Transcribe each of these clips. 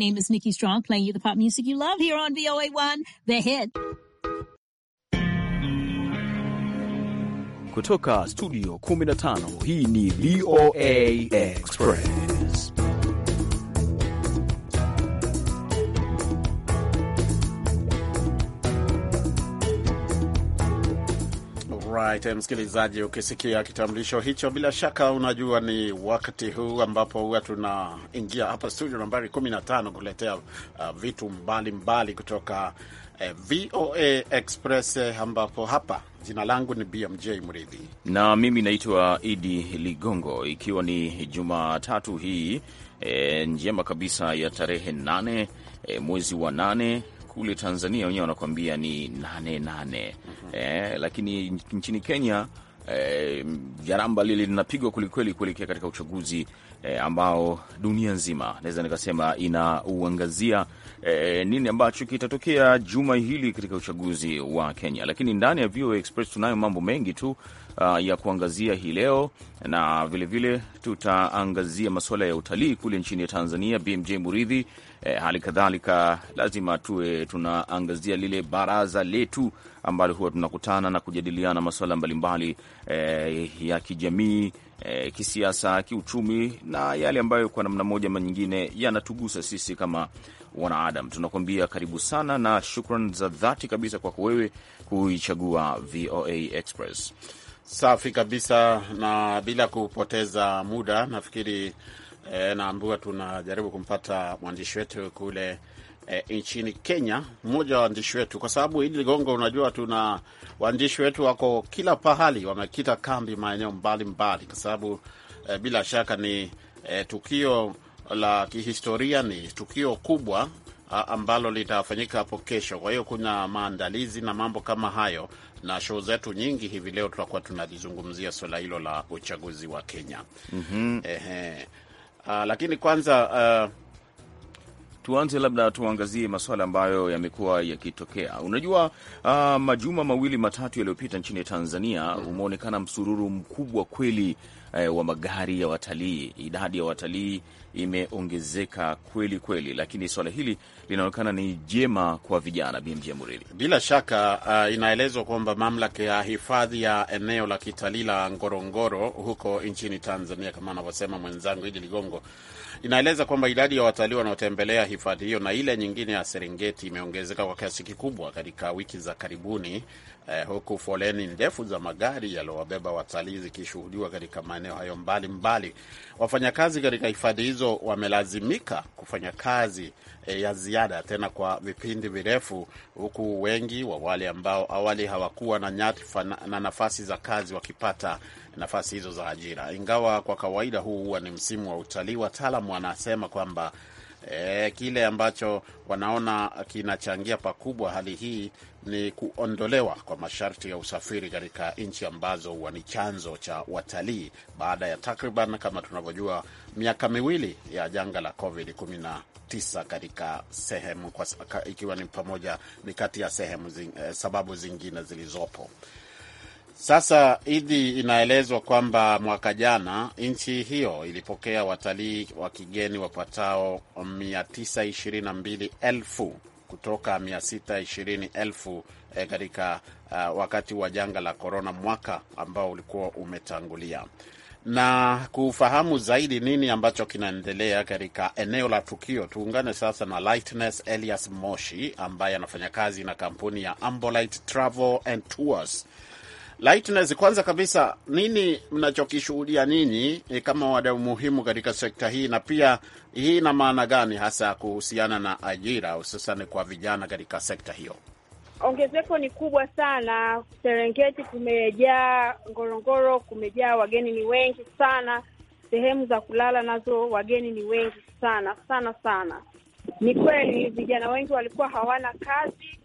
name is Nikki Strong, playing you the pop music you love here on VOA1, The Hit. Kutoka Studio 15, hii ni VOA Express. Right, msikilizaji, ukisikia kitambulisho hicho, bila shaka unajua ni wakati huu ambapo huwa tunaingia hapa studio nambari 15 kuletea uh, vitu mbalimbali mbali kutoka uh, eh, VOA Express eh, ambapo hapa jina langu ni BMJ Mridhi na mimi naitwa Idi Ligongo, ikiwa ni Jumatatu hii e, njema kabisa ya tarehe 8 e, mwezi wa 8 kule Tanzania wenyewe wanakuambia ni nane nane. mm -hmm. Eh, lakini nchini Kenya eh, jaramba lile linapigwa kwelikweli kuelekea katika uchaguzi eh, ambao dunia nzima naweza nikasema inauangazia eh, nini ambacho kitatokea juma hili katika uchaguzi wa Kenya. Lakini ndani ya VOA Express tunayo mambo mengi tu uh, ya kuangazia hii leo, na vilevile tutaangazia masuala ya utalii kule nchini Tanzania. BMJ Muridhi E, hali kadhalika lazima tuwe tunaangazia lile baraza letu ambalo huwa tunakutana na kujadiliana masuala mbalimbali e, ya kijamii e, kisiasa, kiuchumi na yale ambayo kwa namna moja ama nyingine yanatugusa sisi kama wanaadam. Tunakuambia karibu sana na shukran za dhati kabisa kwako wewe kuichagua VOA Express. Safi kabisa, na bila kupoteza muda nafikiri e, eh, naambiwa tunajaribu kumpata mwandishi wetu kule e, nchini Kenya, mmoja wa waandishi wetu, kwa sababu hili ligongo, unajua tuna waandishi wetu wako kila pahali, wamekita kambi maeneo mbalimbali, kwa sababu e, bila shaka ni e, tukio la kihistoria, ni tukio kubwa ambalo litafanyika hapo kesho. Kwa hiyo kuna maandalizi na mambo kama hayo, na show zetu nyingi hivi leo tutakuwa tunalizungumzia suala hilo la uchaguzi wa Kenya. mm -hmm. Aa, ah, lakini kwanza uh, tuanze labda tuangazie masuala ambayo yamekuwa yakitokea. Unajua, uh, majuma mawili matatu yaliyopita nchini Tanzania mm-hmm. umeonekana msururu mkubwa kweli eh, wa magari ya watalii. Idadi ya watalii imeongezeka kweli kweli, lakini swala hili linaonekana ni jema kwa vijana. BMJ Muridi, bila shaka uh, inaelezwa kwamba mamlaka ya hifadhi ya eneo la kitalii la Ngorongoro huko nchini Tanzania, kama anavyosema mwenzangu Idi Ligongo inaeleza kwamba idadi ya watalii wanaotembelea hifadhi hiyo na ile nyingine ya Serengeti imeongezeka kwa kiasi kikubwa katika wiki za karibuni, eh, huku foleni ndefu za magari yaliowabeba watalii zikishuhudiwa katika maeneo hayo mbalimbali. Wafanyakazi katika hifadhi hizo wamelazimika kufanya kazi eh, ya ziada tena kwa vipindi virefu, huku wengi wa wale ambao awali hawakuwa na nyadhifa na nafasi za kazi wakipata nafasi hizo za ajira, ingawa kwa kawaida huu huwa ni msimu wa utalii. Wataalamu wanasema kwamba E, kile ambacho wanaona kinachangia pakubwa hali hii ni kuondolewa kwa masharti ya usafiri katika nchi ambazo huwa ni chanzo cha watalii baada ya takriban, kama tunavyojua, miaka miwili ya janga la COVID-19 katika sehemu kwa, ikiwa ni pamoja ni kati ya sehemu zing, eh, sababu zingine zilizopo. Sasa Idi, inaelezwa kwamba mwaka jana nchi hiyo ilipokea watalii wa kigeni wapatao 922,000 kutoka 620,000 eh, katika uh, wakati wa janga la korona mwaka ambao ulikuwa umetangulia. Na kufahamu zaidi nini ambacho kinaendelea katika eneo la tukio, tuungane sasa na Lightness Elias Moshi ambaye anafanya kazi na kampuni ya Ambolite Travel and Tours Lightness, kwanza kabisa, nini mnachokishuhudia nini e, kama wadau muhimu katika sekta hii, na pia hii ina maana gani hasa kuhusiana na ajira hususan kwa vijana katika sekta hiyo? Ongezeko ni kubwa sana. Serengeti kumejaa Ngorongoro, kumejaa wageni, ni wengi sana. Sehemu za kulala nazo wageni ni wengi sana sana sana. Ni kweli vijana wengi walikuwa hawana kazi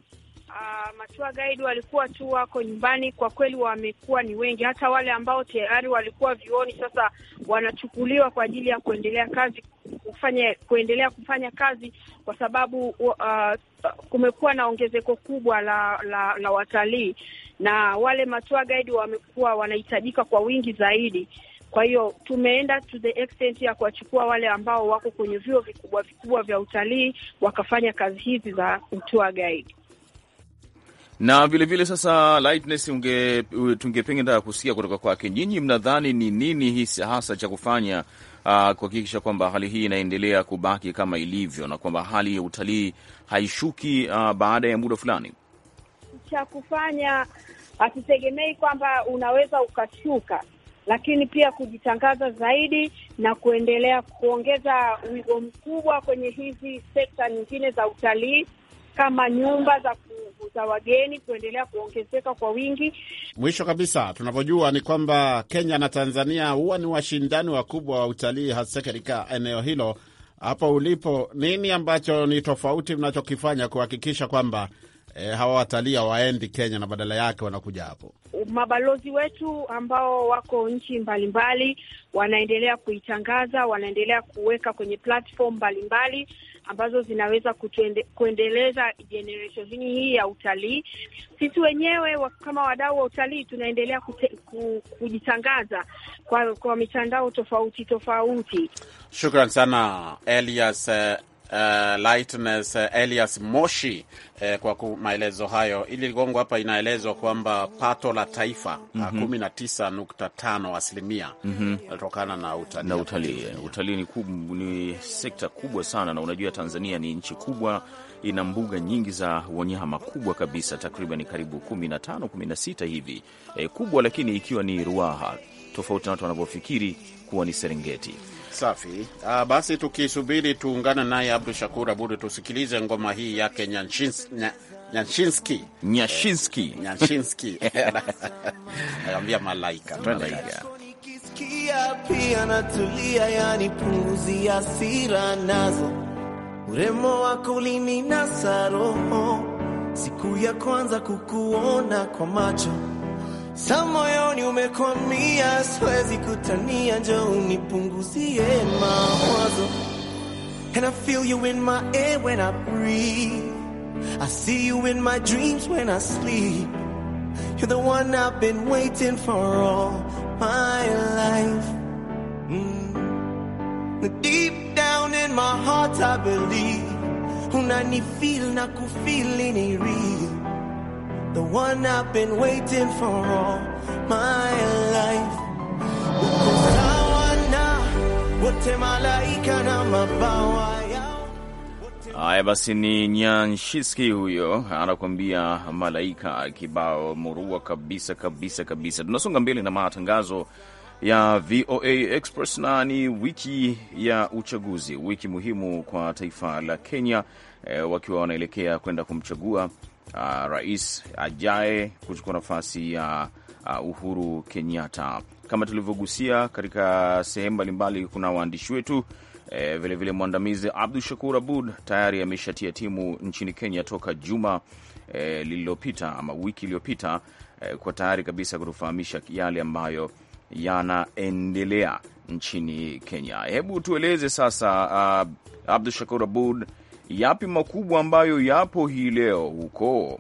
uh, machua guide walikuwa tu wako nyumbani, kwa kweli wamekuwa ni wengi, hata wale ambao tayari walikuwa vioni sasa wanachukuliwa kwa ajili ya kuendelea kazi kufanya kuendelea kufanya kazi kwa sababu uh, kumekuwa na ongezeko kubwa la la, la watalii na wale matua guide wamekuwa wanahitajika kwa wingi zaidi. Kwa hiyo tumeenda to the extent ya kuwachukua wale ambao wako kwenye vyuo vikubwa vikubwa vya utalii wakafanya kazi hizi za utua guide na vilevile vile sasa, Lightness, unge tungependa kusikia kutoka kwake, nyinyi mnadhani ni nini hisi hasa cha kufanya ah, kuhakikisha kwamba hali hii inaendelea kubaki kama ilivyo na kwamba hali ya utalii haishuki ah, baada ya muda fulani? Cha kufanya hatutegemei kwamba unaweza ukashuka, lakini pia kujitangaza zaidi na kuendelea kuongeza wigo mkubwa kwenye hizi sekta nyingine za utalii kama nyumba za za wageni kuendelea kuongezeka kwa wingi. Mwisho kabisa, tunavyojua ni kwamba Kenya na Tanzania huwa ni washindani wakubwa wa utalii, hasa katika eneo hilo. Hapo ulipo, nini ambacho ni tofauti mnachokifanya kuhakikisha kwamba E, hawa watalii hawaendi Kenya na badala yake wanakuja hapo. Mabalozi wetu ambao wako nchi mbalimbali wanaendelea kuitangaza, wanaendelea kuweka kwenye platform mbalimbali ambazo zinaweza kutuende, kuendeleza generation hii ya utalii. Sisi wenyewe kama wadau wa utalii tunaendelea kute, ku, kujitangaza kwa, kwa mitandao tofauti tofauti. Shukran sana Elias eh, uh, Lightness uh, Elias Moshi uh, kwa maelezo hayo. Ili ligongo hapa inaelezwa kwamba pato la taifa mm -hmm. nukta 19.5 asilimia mhm. inatokana mm -hmm. na utalii na utalii. Utalii ni, ni sekta kubwa sana, na unajua Tanzania ni nchi kubwa ina mbuga nyingi za wanyama kubwa kabisa, takriban karibu 15 16 hivi e, kubwa, lakini ikiwa ni Ruaha tofauti na watu wanavyofikiri kuwa ni Serengeti. Safi. Uh, basi tukisubiri tuungana naye Abdu Shakur Abud, tusikilize ngoma hii yake Nyanshinski Nyashinski Nyanshinski anaambia malaika nikisikia pia natulia, yani punguzi nazo, urembo wako ulininasa roho, siku ya kwanza kukuona kwa macho Sa moyoni umekwamia, siwezi kutania, njo unipunguzie mawazo. And I feel you in my air when I breathe. I see you in my dreams when I sleep. You're the one I've been waiting for all my life. Mm. Deep down in my heart I believe. feel na ku feel ni real. the one I've been waiting for all my life. Haya basi, ni Nyanshiski huyo anakuambia malaika, kibao murua kabisa kabisa kabisa. Tunasonga mbele na matangazo ya VOA Express na ni wiki ya uchaguzi, wiki muhimu kwa taifa la Kenya, e, wakiwa wanaelekea kwenda kumchagua uh, rais ajae kuchukua nafasi ya uh, Uhuru Kenyatta. Kama tulivyogusia katika sehemu mbalimbali, kuna waandishi wetu vilevile eh, vile mwandamizi Abdu Shakur Abud tayari ameshatia timu nchini Kenya toka juma e, lililopita ama wiki iliyopita e, kwa tayari kabisa kutufahamisha yale ambayo yanaendelea nchini Kenya. Hebu tueleze sasa, uh, Abdu Shakur Abud, yapi makubwa ambayo yapo hii leo huko?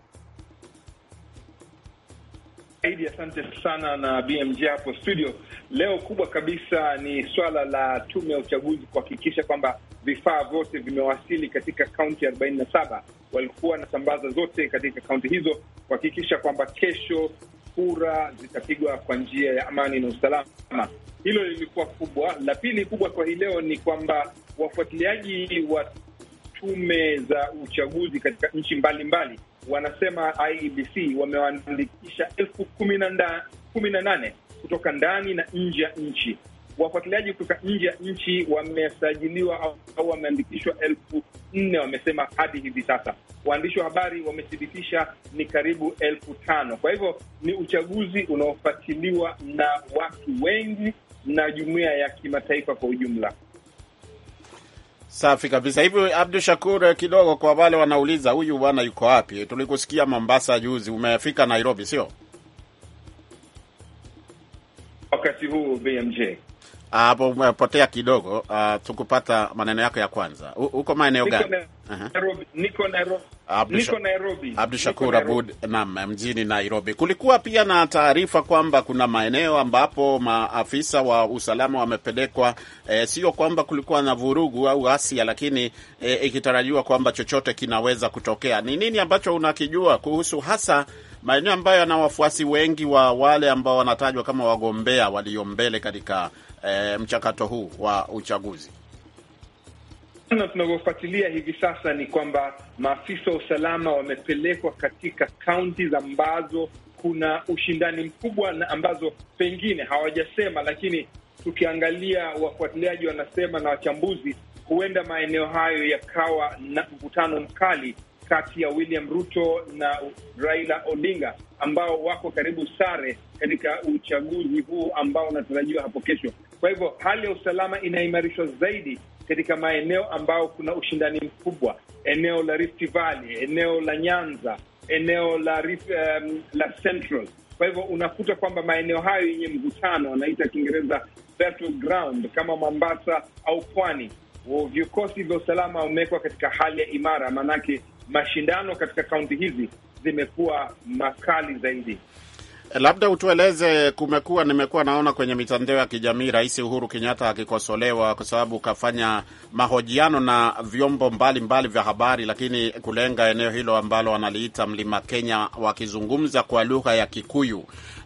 Aidi, asante sana na BMJ hapo studio. Leo kubwa kabisa ni swala la tume ya uchaguzi kuhakikisha kwamba vifaa vyote vimewasili katika kaunti arobaini na saba. Walikuwa zote katika kaunti hizo kuhakikisha kwamba kesho kura zitapigwa kwa njia ya amani na usalama. Hilo lilikuwa kubwa. La pili kubwa kwa hii leo ni kwamba wafuatiliaji wa tume za uchaguzi katika nchi mbalimbali wanasema IEBC wamewaandikisha elfu kumi na nane kutoka ndani na nje ya nchi. Wafuatiliaji kutoka nje ya nchi wamesajiliwa au, au wameandikishwa elfu nne wamesema hadi hivi sasa. Waandishi wa habari wamethibitisha ni karibu elfu tano. Kwa hivyo ni uchaguzi unaofuatiliwa na watu wengi na jumuiya ya kimataifa kwa ujumla. Safi kabisa. Hivi Abdu Shakur, eh, kidogo kwa wale wanauliza huyu bwana yuko wapi? Tulikusikia Mombasa juzi, umefika Nairobi sio? Wakati huu BMJ ah, hapo umepotea kidogo. Uh, tukupata maneno yako ya kwanza. huko uko maeneo gani? Niko Nairobi, uh -huh. Nairobi, Abdu Shakur Abud, naam, mjini Nairobi. Kulikuwa pia na taarifa kwamba kuna maeneo ambapo maafisa wa usalama wamepelekwa, e, sio kwamba kulikuwa na vurugu au ghasia, lakini e, ikitarajiwa kwamba chochote kinaweza kutokea. Ni nini ambacho unakijua kuhusu hasa maeneo ambayo yana wafuasi wengi wa wale ambao wanatajwa kama wagombea walio mbele katika e, mchakato huu wa uchaguzi? Na tunavyofuatilia hivi sasa ni kwamba maafisa wa usalama wamepelekwa katika kaunti ambazo kuna ushindani mkubwa na ambazo pengine hawajasema, lakini tukiangalia wafuatiliaji wanasema na wachambuzi, huenda maeneo hayo yakawa na mvutano mkali kati ya William Ruto na Raila Odinga ambao wako karibu sare katika uchaguzi huu ambao unatarajiwa hapo kesho. Kwa hivyo hali ya usalama inaimarishwa zaidi katika maeneo ambayo kuna ushindani mkubwa, eneo la Rift Valley, eneo la Nyanza, eneo la Rift, um, la Central. Kwa hivyo unakuta kwamba maeneo hayo yenye mvutano wanaita Kiingereza ground, kama Mombasa au Pwani, vikosi vya usalama wamewekwa katika hali ya imara, maanake mashindano katika kaunti hizi zimekuwa makali zaidi. Eh, labda utueleze, kumekuwa nimekuwa naona kwenye mitandao ya kijamii Rais Uhuru Kenyatta akikosolewa kwa sababu kafanya mahojiano na vyombo mbalimbali mbali vya habari, lakini kulenga eneo hilo ambalo wanaliita Mlima Kenya, wakizungumza kwa lugha ya Kikuyu,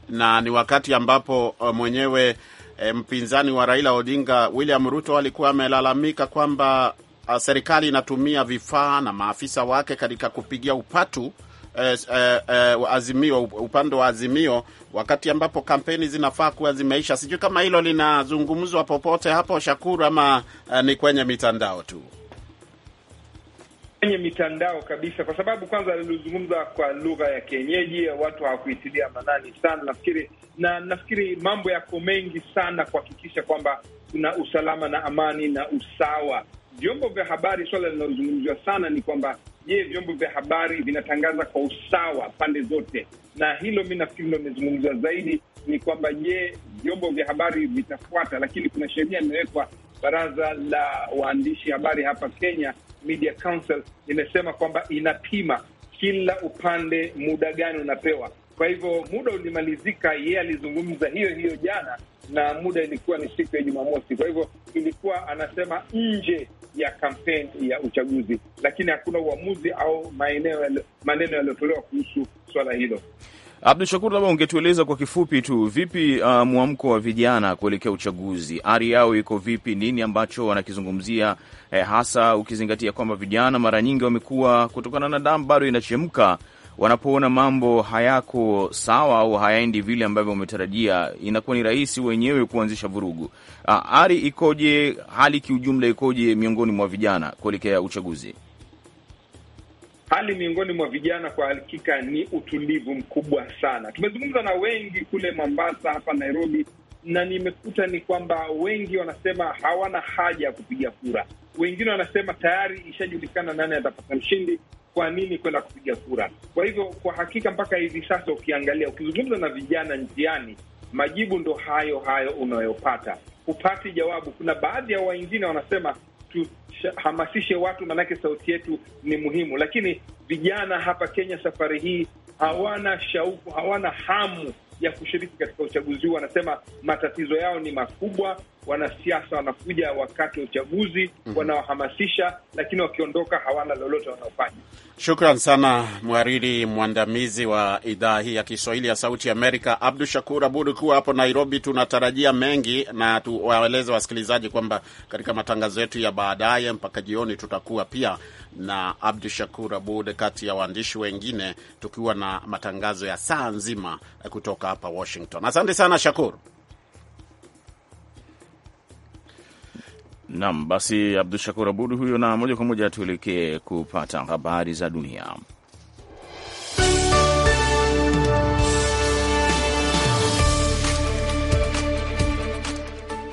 na ni wakati ambapo eh, mwenyewe eh, mpinzani wa Raila Odinga William Ruto alikuwa amelalamika kwamba ah, serikali inatumia vifaa na maafisa wake katika kupigia upatu Eh, eh, eh, Azimio, upande wa Azimio, wakati ambapo kampeni zinafaa kuwa zimeisha. Sijui kama hilo linazungumzwa popote hapo Shakuru, ama eh, ni kwenye mitandao tu kwenye mitandao kabisa, kwa sababu kwanza lilizungumza kwa lugha ya kienyeji, watu hawakuitilia manani sana, nafikiri na nafikiri mambo yako mengi sana kuhakikisha kwamba kuna usalama na amani na usawa. Vyombo vya habari, swala linalozungumziwa sana ni kwamba Je, vyombo vya habari vinatangaza kwa usawa pande zote? Na hilo mi nafikiri ndo imezungumzwa zaidi, ni kwamba je, vyombo vya habari vitafuata? Lakini kuna sheria imewekwa, baraza la waandishi habari hapa Kenya, Media Council, imesema kwamba inapima kila upande muda gani unapewa. Kwa hivyo muda ulimalizika, yeye alizungumza hiyo hiyo jana, na muda ilikuwa ni siku ya Jumamosi. Kwa hivyo ilikuwa anasema nje ya kampeni ya uchaguzi, lakini hakuna uamuzi au maneno yaliyotolewa kuhusu swala hilo. Abdu Shakur, labda ungetueleza kwa kifupi tu vipi, uh, mwamko wa vijana kuelekea uchaguzi, ari yao iko vipi? Nini ambacho wanakizungumzia eh, hasa ukizingatia kwamba vijana mara nyingi wamekuwa kutokana na damu bado inachemka wanapoona mambo hayako sawa au hayaendi vile ambavyo wametarajia, inakuwa ni rahisi wenyewe kuanzisha vurugu. Ah, ari ikoje? Hali kiujumla ikoje miongoni mwa vijana kuelekea uchaguzi? Hali miongoni mwa vijana kwa hakika ni utulivu mkubwa sana. Tumezungumza na wengi kule Mombasa, hapa Nairobi, na nimekuta ni kwamba wengi wanasema hawana haja ya kupiga kura. Wengine wanasema tayari ishajulikana nani atapata mshindi, kwa nini kwenda kupiga kura. Kwa hivyo, kwa hakika mpaka hivi sasa, ukiangalia, ukizungumza na vijana njiani, majibu ndo hayo hayo unayopata, hupati jawabu. Kuna baadhi ya wengine wanasema tuhamasishe watu, maanake sauti yetu ni muhimu, lakini vijana hapa Kenya safari hii hawana shauku, hawana hamu ya kushiriki katika uchaguzi huu. Wanasema matatizo yao ni makubwa, wanasiasa wanakuja wakati wa uchaguzi mm -hmm. wanawahamasisha, lakini wakiondoka hawana lolote wanaofanya. Shukran sana mhariri mwandamizi wa idhaa hii ya Kiswahili ya Sauti Amerika, Abdu Shakur Abud, kuwa hapo Nairobi. Tunatarajia mengi na tuwaeleze wasikilizaji kwamba katika matangazo yetu ya baadaye mpaka jioni tutakuwa pia na Abdu Shakur Abud kati ya waandishi wengine, tukiwa na matangazo ya saa nzima kutoka hapa Washington. Asante sana Shakur. Naam, basi Abdu Shakur Abud huyo, na moja kwa moja tuelekee kupata habari za dunia.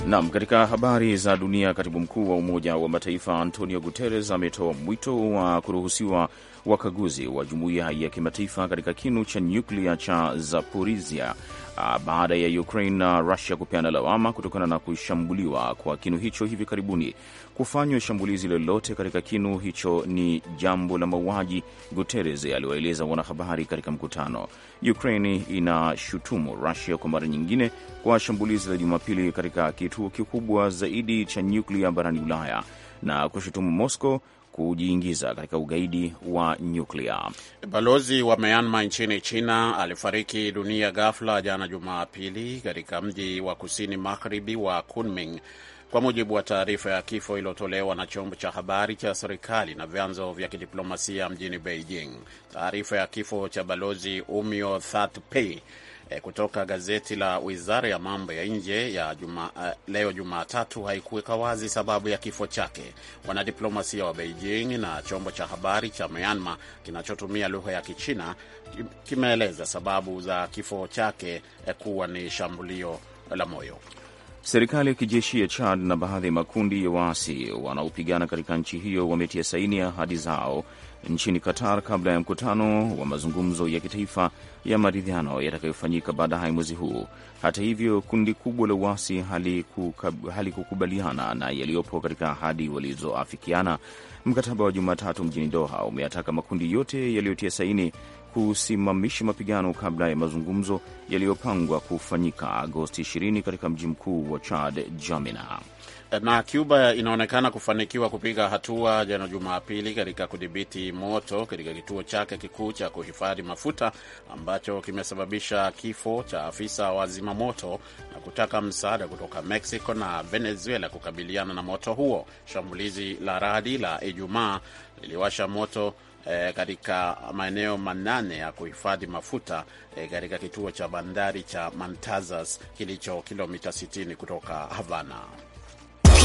Nam, katika habari za dunia, katibu mkuu wa Umoja wa Mataifa Antonio Guterres ametoa mwito wa kuruhusiwa wakaguzi wa jumuiya ya kimataifa katika kinu cha nyuklia cha Zaporizhia Ah, baada ya Ukraine na Russia kupeana lawama kutokana na kushambuliwa kwa kinu hicho hivi karibuni. Kufanywa shambulizi lolote katika kinu hicho ni jambo la mauaji, Guterres aliwaeleza wanahabari katika mkutano. Ukraine inashutumu Russia kwa mara nyingine kwa shambulizi la Jumapili katika kituo kikubwa zaidi cha nyuklia barani Ulaya na kushutumu Moscow kujiingiza katika ugaidi wa nyuklia. Balozi wa Myanmar nchini China alifariki dunia ghafla jana Jumapili katika mji wa kusini magharibi wa Kunming, kwa mujibu wa taarifa ya kifo iliyotolewa na chombo cha habari cha serikali na vyanzo vya kidiplomasia mjini Beijing. Taarifa ya kifo cha balozi Umio Thatpey e, kutoka gazeti la wizara ya mambo ya nje ya juma, uh, leo Jumatatu haikuweka wazi sababu ya kifo chake. Wanadiplomasia wa Beijing na chombo cha habari cha Myanmar kinachotumia lugha ya Kichina kimeeleza sababu za kifo chake eh, kuwa ni shambulio la moyo. Serikali ya kijeshi ya Chad na baadhi ya makundi ya waasi wanaopigana katika nchi hiyo wametia saini ahadi zao nchini Qatar kabla ya mkutano wa mazungumzo ya kitaifa ya maridhiano yatakayofanyika baadaye mwezi huu. Hata hivyo, kundi kubwa la uasi halikukubaliana hali na yaliyopo katika ahadi walizoafikiana. Mkataba wa Jumatatu mjini Doha umeyataka makundi yote yaliyotia saini kusimamisha mapigano kabla ya mazungumzo yaliyopangwa kufanyika Agosti 20 katika mji mkuu wa Chad, jamina na Cuba inaonekana kufanikiwa kupiga hatua jana Jumapili katika kudhibiti moto katika kituo chake kikuu cha kuhifadhi mafuta ambacho kimesababisha kifo cha afisa wa zimamoto na kutaka msaada kutoka Mexico na Venezuela kukabiliana na moto huo. Shambulizi la radi la Ijumaa liliwasha moto E, katika maeneo manane ya kuhifadhi mafuta e, katika kituo cha bandari cha Mantazas kilicho kilomita 60 kutoka Havana.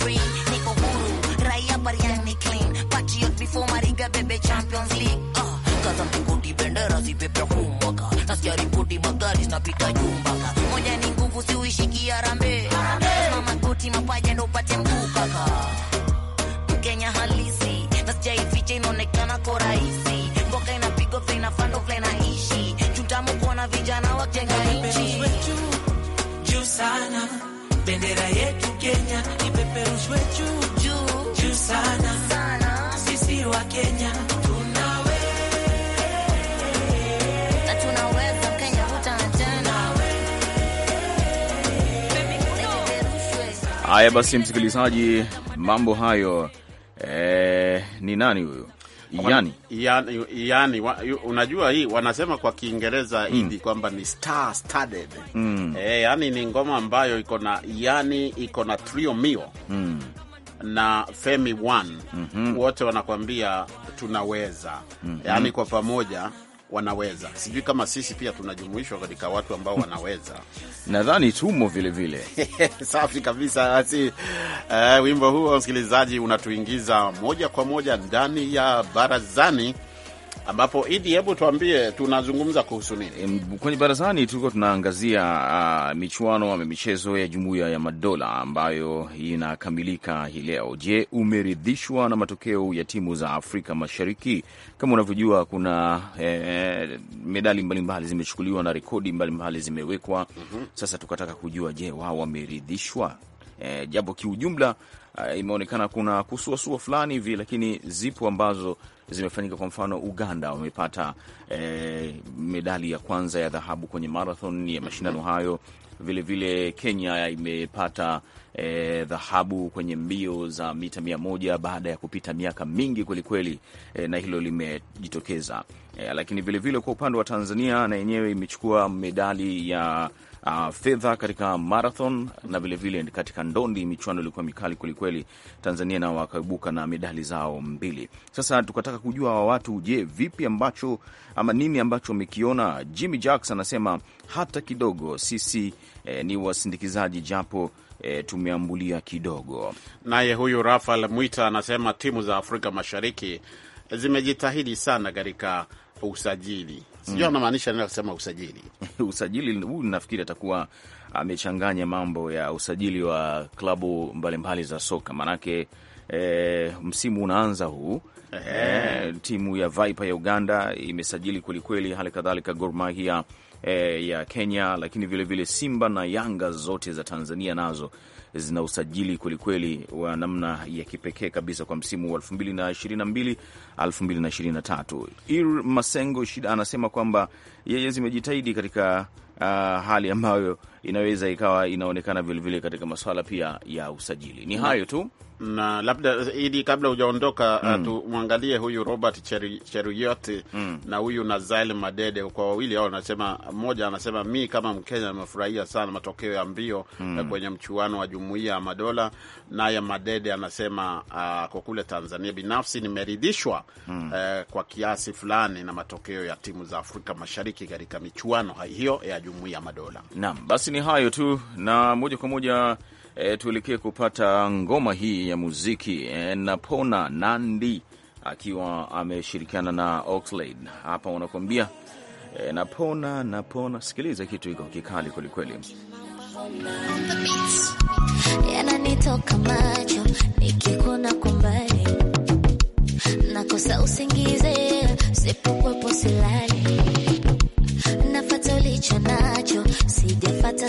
free, niko huru, raia Bariadi clean, patriot before Mariga bebe Champions League uh, kaza mtingodi bendera zipepea kumwaka, nasikia ripoti magari zinapita jumbaka, moja ni nguvu siuishiki harambe, lazima magoti mapaja ndo upate mguu kaka, Mkenya halisi nasikia ifiche inaonekana ko rahisi, mboka inapigwa vile inafaa vile inaishi, chutamu kuona vijana wajenga nchi juu sana bendera yetu Kenya Haya basi, msikilizaji, mambo hayo. E, ni nani huyu? Yani, yani, yani wa, unajua hii wanasema kwa Kiingereza mm. Idi kwamba ni star studded mm. E, eh, yani ni ngoma ambayo iko na yani iko na trio mio mm. na Femi One mm -hmm. wote wanakwambia tunaweza mm -hmm. yani kwa pamoja wanaweza. Sijui kama sisi pia tunajumuishwa katika watu ambao wanaweza. Nadhani tumo vilevile. Safi kabisa. Asi, uh, eh, wimbo huo msikilizaji, unatuingiza moja kwa moja ndani ya barazani ambapo Idi, hebu tuambie tunazungumza kuhusu nini? Kwenye barazani tulikuwa tunaangazia uh, michuano ama michezo ya Jumuiya ya Madola ambayo inakamilika hii leo. Je, umeridhishwa na matokeo ya timu za Afrika Mashariki? Kama unavyojua kuna e, medali mbalimbali zimechukuliwa na rekodi mbalimbali zimewekwa. mm -hmm. Sasa tukataka kujua, je, wao wameridhishwa? E, eh, japo kiujumla Ah, imeonekana kuna kusuasua fulani hivi, lakini zipo ambazo zimefanyika. Kwa mfano, Uganda wamepata e, medali ya kwanza ya dhahabu kwenye marathon ya mashindano hayo. Vilevile vile Kenya imepata e, dhahabu kwenye mbio za mita mia moja baada ya kupita miaka mingi kwelikweli kweli, e, na hilo limejitokeza e, lakini vilevile kwa upande wa Tanzania na yenyewe imechukua medali ya uh, fedha katika marathon na vilevile katika ndondi. Michuano ilikuwa mikali kwelikweli, Tanzania nao wakaibuka na medali zao mbili. Sasa tukataka kujua wa watu, je, vipi ambacho ama nini ambacho wamekiona. Jimmy Jacks anasema hata kidogo sisi eh, ni wasindikizaji japo E, tumeambulia kidogo. Naye huyu Rafael Mwita anasema timu za Afrika Mashariki zimejitahidi sana katika usajili sijui anamaanisha nini kusema usajili usajili huu, nafikiri atakuwa amechanganya mambo ya usajili wa klabu mbalimbali za soka maanake E, eh, msimu unaanza huu e, timu ya Viper ya Uganda imesajili kwelikweli, hali kadhalika Gor Mahia e, ya Kenya, lakini vilevile vile Simba na Yanga zote za Tanzania nazo zina usajili kwelikweli wa namna ya kipekee kabisa kwa msimu wa 2022 2023. Ir Masengo Shida anasema kwamba yeye zimejitahidi katika uh, hali ambayo inaweza ikawa inaonekana vilevile katika masuala pia ya usajili. Ni hayo tu na labda ili kabla hujaondoka uh, mm. tumwangalie huyu Robert Cheruyoti mm. na huyu Nazael Madede. Kwa wawili hao anasema, mmoja anasema mi kama Mkenya nimefurahia sana matokeo ya mbio mm. Eh, kwenye mchuano wa Jumuiya ya Madola. Naye Madede anasema uh, kwa kule Tanzania binafsi nimeridhishwa mm. uh, kwa kiasi fulani na matokeo ya timu za Afrika Mashariki katika michuano hiyo ya Jumuiya ya Madola. Naam, basi ni hayo tu na moja kwa moja E, tuelekee kupata ngoma hii ya muziki e, Napona Nandi akiwa ameshirikiana na Oxlade hapa wanakuambia e, napona napona. Sikiliza kitu hiko kikali kwelikweli. Yananitoka macho nikikuna nakosa usingize, sipokuwepo silali, nafata ulicho nacho, sijafata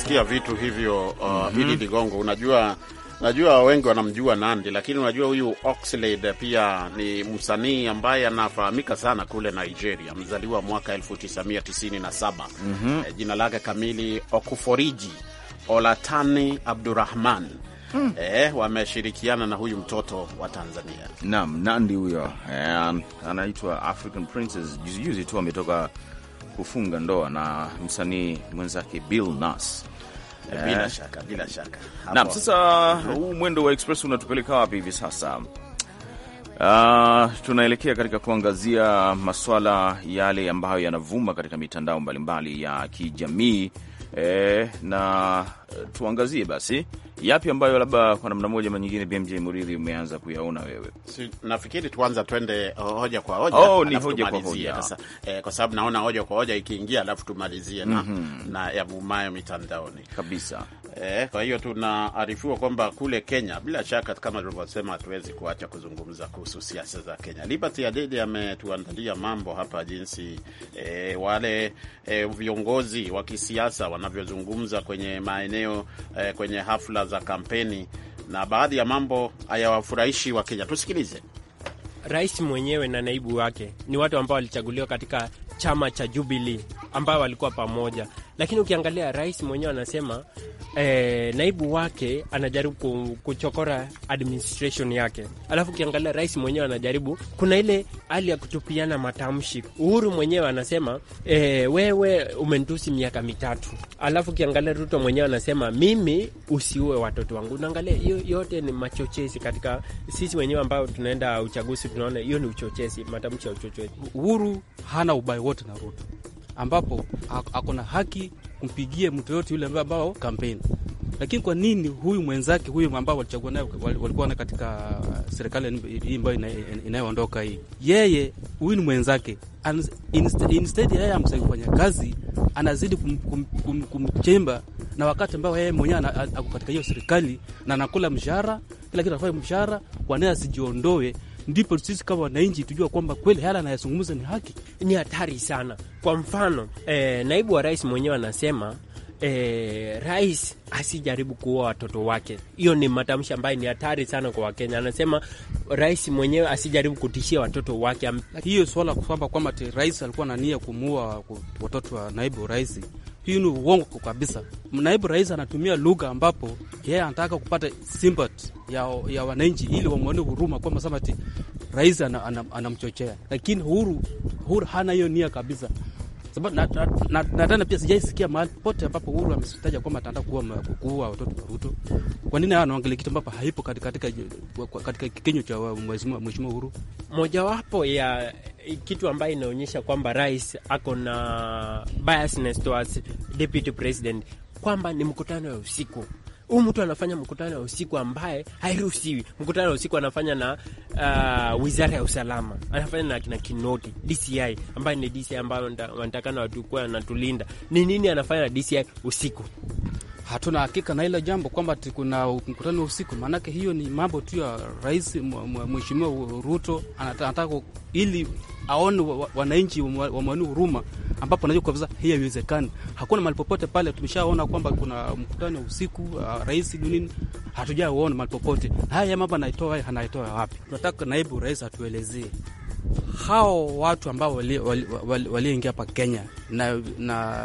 sikia vitu hivyo uh, mm -hmm. Hili Ligongo, unajua najua wengi wanamjua Nandi, lakini unajua huyu Oxlade pia ni msanii ambaye anafahamika sana kule Nigeria, mzaliwa mwaka 1997 mm -hmm. E, jina lake kamili Okuforiji Olatani Abdurahman. Mm. Eh, wameshirikiana na huyu mtoto wa Tanzania. Naam, Nandi huyo eh, anaitwa African Princess. Juzijuzi tu ametoka kufunga ndoa na msanii mwenzake Bill Nass Eh, bila eh, shaka, bila shaka. Naam, sasa huu mwendo wa express unatupeleka wapi hivi sasa? Uh, tunaelekea katika kuangazia maswala yale ambayo yanavuma katika mitandao mbalimbali mbali ya kijamii eh, na eh, tuangazie basi yapi ambayo labda kwa namna moja ama nyingine, BMJ Muridhi, umeanza kuyaona wewe? Si, nafikiri tuanza twende hoja kwa hoja. Oh, ni hoja kwa hoja sasa, eh, kwa sababu naona hoja kwa hoja ikiingia alafu tumalizie na, mm -hmm. na yavumayo mitandaoni kabisa. Eh, kwa hiyo tunaarifiwa kwamba kule Kenya, bila shaka kama tulivyosema, hatuwezi kuacha kuzungumza kuhusu siasa za Kenya. Liberty Adede ametuandalia mambo hapa jinsi eh, wale eh, viongozi wa kisiasa wanavyozungumza kwenye maeneo eh, kwenye hafla za kampeni na baadhi ya mambo hayawafurahishi Kenya. Tusikilize. Rais mwenyewe na naibu wake ni watu ambao walichaguliwa katika chama cha Jubilee ambao walikuwa pamoja, lakini ukiangalia rais mwenyewe anasema eh, naibu wake anajaribu kuchokora administration yake, alafu ukiangalia rais mwenyewe anajaribu, kuna ile hali ya kutupiana matamshi. Uhuru mwenyewe anasema eh, wewe umentusi miaka mitatu, alafu ukiangalia Ruto mwenyewe anasema mimi usiue watoto wangu. Unaangalia hiyo yote ni machochezi katika sisi wenyewe ambao tunaenda uchaguzi, tunaona hiyo ni uchochezi, matamshi ya uchochezi. Uhuru hana ubai wote na Ruto ambapo akona haki kumpigia mtu yoyote yule ambaye ambao kampeni. Lakini kwa nini huyu mwenzake huyu ambao walichagua naye walikuwa na katika serikali hii ambayo inayoondoka hii, yeye huyu ni mwenzake, instead yeye amsai kufanya kazi, anazidi kumchemba na wakati ambao yeye mwenyewe ako katika hiyo serikali na anakula mshahara, kila kitu anafanya mshahara, kwa asijiondoe ndipo sisi kama wananchi tujua kwamba kweli hala anayazungumza ni haki. Ni hatari sana. Kwa mfano eh, naibu wa rais mwenyewe anasema eh, rais asijaribu kuua watoto wake. Hiyo ni matamshi ambayo ni hatari sana kwa Wakenya. Anasema rais mwenyewe asijaribu kutishia watoto wake. Hiyo swala kwamba kwamba rais alikuwa na nia kumuua watoto wa naibu rais mbinu uongo kabisa. Naibu rais anatumia lugha ambapo yeye anataka kupata sympathy ya, ya wananchi ili wamwone huruma kwamba samati rais anamchochea ana, ana, lakini huru, huru hana hiyo nia kabisa sababu na, na, na tena pia sijaisikia mahali popote ambapo Uhuru amesitaja kwamba ataenda kuua watoto wa Ruto. Kwa nini hawa anaongelea kitu ambapo haipo katika, katika kinywa cha mheshimiwa Uhuru? Mojawapo ya kitu ambayo inaonyesha kwamba rais ako na biasness towards deputy president kwamba ni mkutano wa usiku huu mtu anafanya mkutano wa usiku ambaye hairuhusiwi. Mkutano wa usiku anafanya na uh, wizara ya usalama, anafanya na kina Kinoti, DCI ambaye ni DCI ambayo wanatakana watukua anatulinda. Ni nini anafanya na DCI usiku? hatuna hakika na hilo jambo kwamba kuna mkutano wa usiku, maanake hiyo ni mambo tu ya rais mheshimiwa Ruto anataka ili aone wananchi wamwani huruma, ambapo anajua kabisa hii haiwezekani. Hakuna mali popote pale tumeshaona kwamba kuna mkutano wa usiku uh, rais hatujaona mali popote. Haya mambo anaitoa anaitoa wapi? Tunataka naibu rais atuelezee hao watu ambao wali hapa Kenya na, na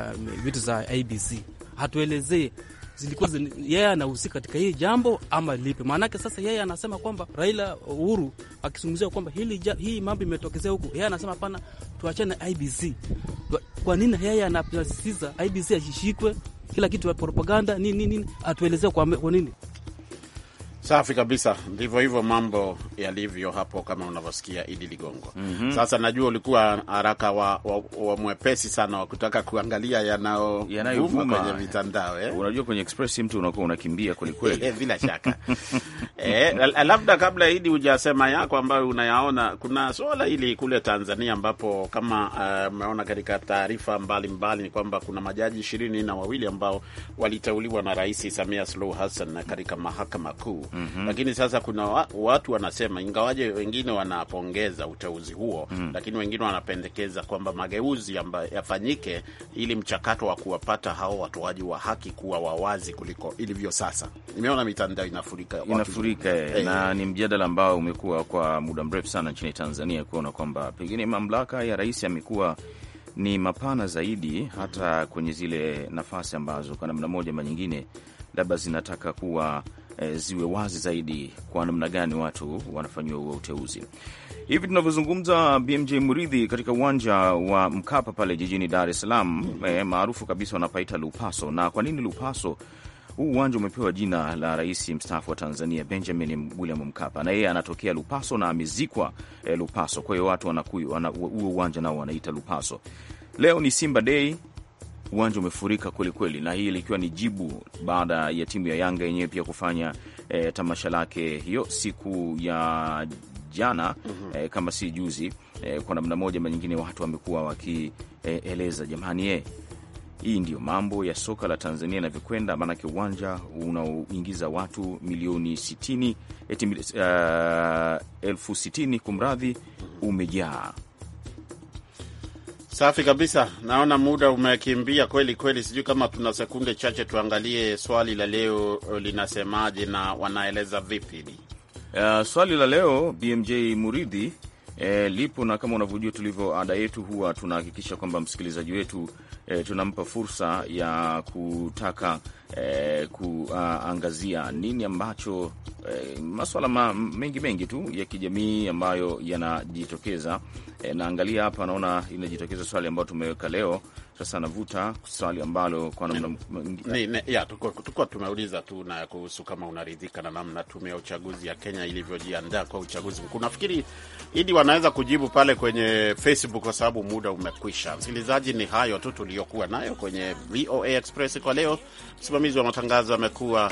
vitu za IBC hatuelezee zilikuwa yeye anahusika katika hii jambo ama lipi? Maanake sasa yeye anasema kwamba Raila Uhuru akizungumzia kwamba hili ja, hii mambo imetokezea huku, yeye anasema hapana, tuachane na IBC. Kwa nini yeye yeah, anasisitiza IBC ashishikwe kila kitu ya propaganda nini nini, atuelezee kwa nini Safi kabisa, ndivyo hivyo mambo yalivyo hapo, kama unavyosikia Idi Ligongo. mm -hmm. Sasa najua ulikuwa haraka wa, wa, wa mwepesi sana wa kutaka kuangalia yanayovuma kwenye mitandao eh. Unajua kwenye Express mtu unakuwa unakimbia kwelikweli bila shaka eh, labda kabla Idi hujasema yako ambayo unayaona, kuna suala hili kule Tanzania ambapo kama umeona eh, uh, katika taarifa mbalimbali ni kwamba kuna majaji ishirini na wawili ambao waliteuliwa na Rais Samia Suluhu Hassan katika mahakama kuu -hmm. Lakini sasa kuna watu wanasema, ingawaje wengine wanapongeza uteuzi huo mm -hmm. Lakini wengine wanapendekeza kwamba mageuzi ambayo yafanyike ili mchakato wa kuwapata hao watoaji wa haki kuwa wawazi kuliko ilivyo sasa. Nimeona mitandao inafurika inafurika hey. Eh, eh. Na ni mjadala ambao umekuwa kwa muda mrefu sana nchini Tanzania kuona kwamba pengine mamlaka ya rais amekuwa ni mapana zaidi hata mm-hmm. kwenye zile nafasi ambazo kwa namna moja ama nyingine labda zinataka kuwa e, ziwe wazi zaidi kwa namna gani watu wanafanyiwa huo uteuzi. Hivi tunavyozungumza BMJ Muridhi, katika uwanja wa Mkapa pale jijini Dar es Salaam e, maarufu kabisa wanapaita Lupaso. Na kwa nini Lupaso? Huu uwanja umepewa jina la rais mstaafu wa Tanzania Benjamin William Mkapa, na yeye anatokea Lupaso na amezikwa eh, Lupaso. Kwa hiyo watu huo uwanja nao wanaita Lupaso. Leo ni Simba Day, uwanja umefurika kwelikweli, na hii ilikuwa ni jibu baada ya timu ya Yanga yenyewe pia kufanya e, tamasha lake hiyo siku ya jana mm -hmm. E, kama si juzi e, kwa namna moja ama nyingine watu wamekuwa wakieleza e, jamani e, hii ndiyo mambo ya soka la Tanzania inavyokwenda, maanake uwanja unaoingiza watu milioni sitini, eti, uh, elfu sitini kumradhi, mhm. umejaa Safi kabisa. Naona muda umekimbia kweli kweli, sijui kama tuna sekunde chache. Tuangalie swali la leo eh, linasemaje na wanaeleza vipi? Uh, swali la leo BMJ Muridhi eh, lipo na kama unavyojua tulivyo ada yetu huwa tunahakikisha kwamba msikilizaji wetu eh, tunampa fursa ya kutaka eh, kuangazia nini ambacho Eh, maswala ma, mengi mengi tu ya kijamii ambayo yanajitokeza. E, naangalia hapa naona inajitokeza swali ambayo tumeweka leo. Sasa navuta swali ambalo kwa namna tulikuwa tumeuliza tu na kuhusu kama unaridhika na namna tume ya uchaguzi ya Kenya ilivyojiandaa kwa uchaguzi mkuu. Nafikiri Idi wanaweza kujibu pale kwenye Facebook kwa sababu muda umekwisha. Msikilizaji, ni hayo tu tuliyokuwa nayo kwenye VOA Express kwa leo. Msimamizi wa matangazo amekuwa